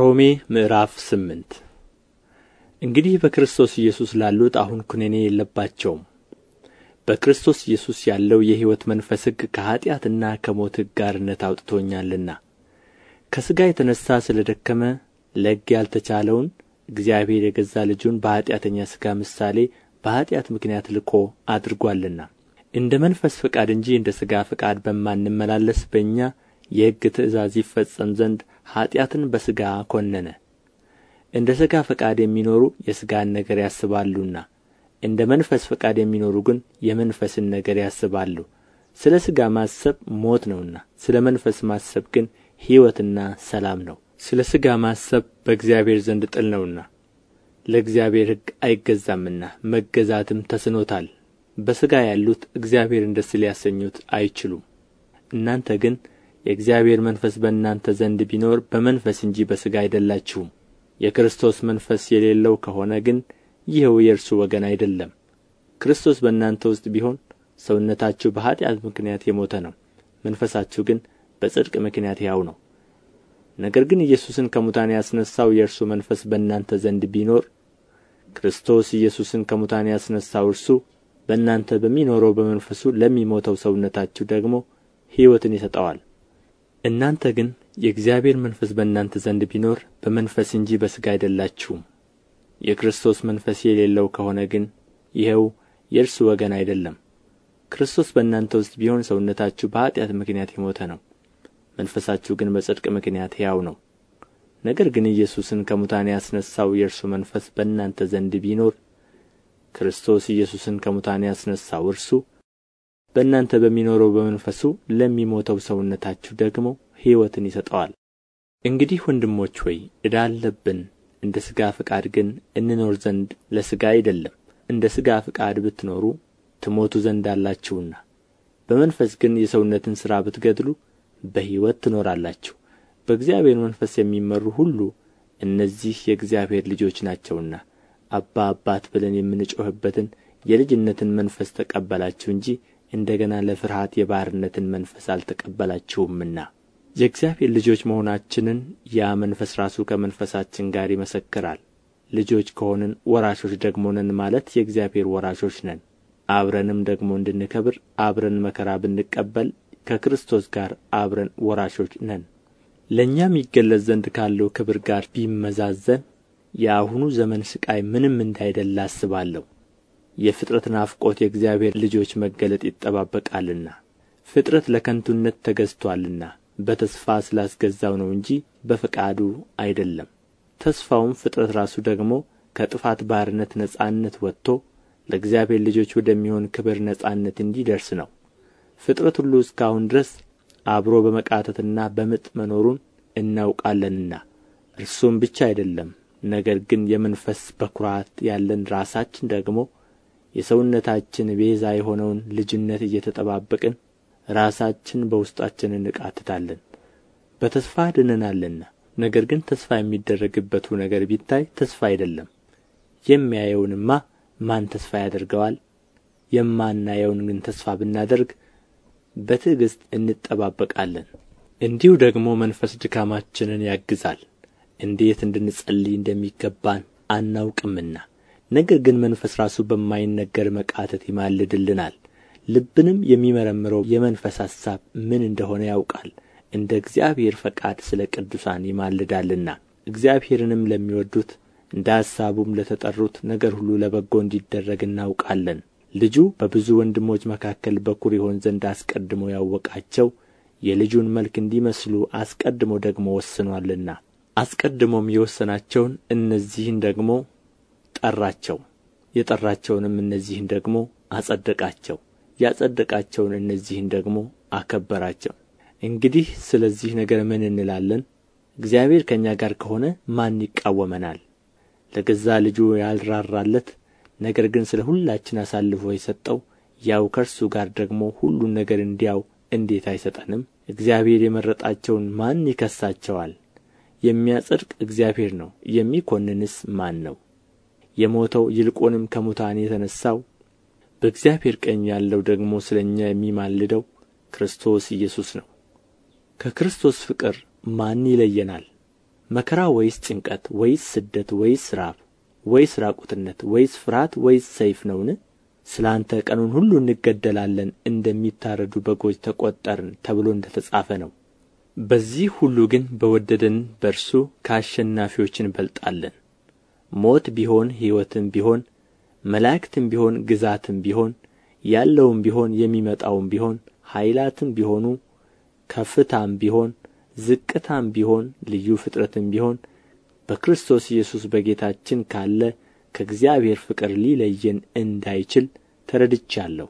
ሮሜ ምዕራፍ ስምንት እንግዲህ በክርስቶስ ኢየሱስ ላሉት አሁን ኩነኔ የለባቸውም። በክርስቶስ ኢየሱስ ያለው የሕይወት መንፈስ ሕግ ከኃጢአትና ከሞት ሕግ አርነት አውጥቶኛልና ከሥጋ የተነሣ ስለ ደከመ ለሕግ ያልተቻለውን እግዚአብሔር የገዛ ልጁን በኃጢአተኛ ሥጋ ምሳሌ በኃጢአት ምክንያት ልኮ አድርጓልና እንደ መንፈስ ፈቃድ እንጂ እንደ ሥጋ ፈቃድ በማንመላለስ በእኛ የሕግ ትእዛዝ ይፈጸም ዘንድ ኀጢአትን በሥጋ ኰነነ እንደ ሥጋ ፈቃድ የሚኖሩ የሥጋን ነገር ያስባሉና እንደ መንፈስ ፈቃድ የሚኖሩ ግን የመንፈስን ነገር ያስባሉ። ስለ ሥጋ ማሰብ ሞት ነውና፣ ስለ መንፈስ ማሰብ ግን ሕይወትና ሰላም ነው። ስለ ሥጋ ማሰብ በእግዚአብሔር ዘንድ ጥል ነውና፣ ለእግዚአብሔር ሕግ አይገዛምና መገዛትም ተስኖታል። በሥጋ ያሉት እግዚአብሔርን ደስ ሊያሰኙት አይችሉም። እናንተ ግን የእግዚአብሔር መንፈስ በእናንተ ዘንድ ቢኖር በመንፈስ እንጂ በሥጋ አይደላችሁም። የክርስቶስ መንፈስ የሌለው ከሆነ ግን ይኸው የእርሱ ወገን አይደለም። ክርስቶስ በእናንተ ውስጥ ቢሆን ሰውነታችሁ በኃጢአት ምክንያት የሞተ ነው፣ መንፈሳችሁ ግን በጽድቅ ምክንያት ያው ነው። ነገር ግን ኢየሱስን ከሙታን ያስነሣው የእርሱ መንፈስ በእናንተ ዘንድ ቢኖር ክርስቶስ ኢየሱስን ከሙታን ያስነሣው እርሱ በእናንተ በሚኖረው በመንፈሱ ለሚሞተው ሰውነታችሁ ደግሞ ሕይወትን ይሰጠዋል። እናንተ ግን የእግዚአብሔር መንፈስ በእናንተ ዘንድ ቢኖር በመንፈስ እንጂ በሥጋ አይደላችሁም የክርስቶስ መንፈስ የሌለው ከሆነ ግን ይኸው የእርሱ ወገን አይደለም ክርስቶስ በእናንተ ውስጥ ቢሆን ሰውነታችሁ በኃጢአት ምክንያት የሞተ ነው መንፈሳችሁ ግን በጽድቅ ምክንያት ሕያው ነው ነገር ግን ኢየሱስን ከሙታን ያስነሣው የእርሱ መንፈስ በእናንተ ዘንድ ቢኖር ክርስቶስ ኢየሱስን ከሙታን ያስነሣው እርሱ በእናንተ በሚኖረው በመንፈሱ ለሚሞተው ሰውነታችሁ ደግሞ ሕይወትን ይሰጠዋል እንግዲህ ወንድሞች ሆይ ዕዳ አለብን እንደ ሥጋ ፈቃድ ግን እንኖር ዘንድ ለሥጋ አይደለም እንደ ሥጋ ፈቃድ ብትኖሩ ትሞቱ ዘንድ አላችሁና በመንፈስ ግን የሰውነትን ሥራ ብትገድሉ በሕይወት ትኖራላችሁ በእግዚአብሔር መንፈስ የሚመሩ ሁሉ እነዚህ የእግዚአብሔር ልጆች ናቸውና አባ አባት ብለን የምንጮኽበትን የልጅነትን መንፈስ ተቀበላችሁ እንጂ እንደ ገና ለፍርሃት የባርነትን መንፈስ አልተቀበላችሁምና የእግዚአብሔር ልጆች መሆናችንን ያ መንፈስ ራሱ ከመንፈሳችን ጋር ይመሰክራል። ልጆች ከሆንን ወራሾች ደግሞ ነን ማለት የእግዚአብሔር ወራሾች ነን። አብረንም ደግሞ እንድንከብር አብረን መከራ ብንቀበል ከክርስቶስ ጋር አብረን ወራሾች ነን። ለእኛም ይገለጽ ዘንድ ካለው ክብር ጋር ቢመዛዘን የአሁኑ ዘመን ሥቃይ ምንም እንዳይደል አስባለሁ። የፍጥረት ናፍቆት የእግዚአብሔር ልጆች መገለጥ ይጠባበቃልና ፍጥረት ለከንቱነት ተገዝቶአልና በተስፋ ስላስገዛው ነው እንጂ በፈቃዱ አይደለም። ተስፋውም ፍጥረት ራሱ ደግሞ ከጥፋት ባርነት ነጻነት ወጥቶ ለእግዚአብሔር ልጆች ወደሚሆን ክብር ነጻነት እንዲደርስ ነው። ፍጥረት ሁሉ እስካሁን ድረስ አብሮ በመቃተትና በምጥ መኖሩን እናውቃለንና እርሱም ብቻ አይደለም፣ ነገር ግን የመንፈስ በኩራት ያለን ራሳችን ደግሞ የሰውነታችን ቤዛ የሆነውን ልጅነት እየተጠባበቅን ራሳችን በውስጣችን እንቃትታለን በተስፋ ድነናልና ነገር ግን ተስፋ የሚደረግበቱ ነገር ቢታይ ተስፋ አይደለም የሚያየውንማ ማን ተስፋ ያደርገዋል የማናየውን ግን ተስፋ ብናደርግ በትዕግሥት እንጠባበቃለን እንዲሁ ደግሞ መንፈስ ድካማችንን ያግዛል እንዴት እንድንጸልይ እንደሚገባን አናውቅምና ነገር ግን መንፈስ ራሱ በማይነገር መቃተት ይማልድልናል ልብንም የሚመረምረው የመንፈስ ሐሳብ ምን እንደሆነ ያውቃል እንደ እግዚአብሔር ፈቃድ ስለ ቅዱሳን ይማልዳልና እግዚአብሔርንም ለሚወዱት እንደ ሐሳቡም ለተጠሩት ነገር ሁሉ ለበጎ እንዲደረግ እናውቃለን ልጁ በብዙ ወንድሞች መካከል በኩር ይሆን ዘንድ አስቀድሞ ያወቃቸው የልጁን መልክ እንዲመስሉ አስቀድሞ ደግሞ ወስኗልና አስቀድሞም የወሰናቸውን እነዚህን ደግሞ ጠራቸው የጠራቸውንም እነዚህን ደግሞ አጸደቃቸው ያጸደቃቸውን እነዚህን ደግሞ አከበራቸው እንግዲህ ስለዚህ ነገር ምን እንላለን እግዚአብሔር ከእኛ ጋር ከሆነ ማን ይቃወመናል ለገዛ ልጁ ያልራራለት ነገር ግን ስለ ሁላችን አሳልፎ የሰጠው ያው ከእርሱ ጋር ደግሞ ሁሉን ነገር እንዲያው እንዴት አይሰጠንም እግዚአብሔር የመረጣቸውን ማን ይከሳቸዋል የሚያጸድቅ እግዚአብሔር ነው የሚኮንንስ ማን ነው የሞተው ይልቁንም ከሙታን የተነሣው በእግዚአብሔር ቀኝ ያለው ደግሞ ስለ እኛ የሚማልደው ክርስቶስ ኢየሱስ ነው ከክርስቶስ ፍቅር ማን ይለየናል? መከራ ወይስ ጭንቀት ወይስ ስደት ወይስ ራብ ወይስ ራቁትነት ወይስ ፍርሃት ወይስ ሰይፍ ነውን? ስለ አንተ ቀኑን ሁሉ እንገደላለን እንደሚታረዱ በጎች ተቈጠርን ተብሎ እንደ ተጻፈ ነው። በዚህ ሁሉ ግን በወደደን በእርሱ ከአሸናፊዎች እንበልጣለን። ሞት ቢሆን ሕይወትም ቢሆን መላእክትም ቢሆን ግዛትም ቢሆን ያለውም ቢሆን የሚመጣውም ቢሆን ኃይላትም ቢሆኑ ከፍታም ቢሆን ዝቅታም ቢሆን ልዩ ፍጥረትም ቢሆን በክርስቶስ ኢየሱስ በጌታችን ካለ ከእግዚአብሔር ፍቅር ሊለየን እንዳይችል ተረድቻለሁ።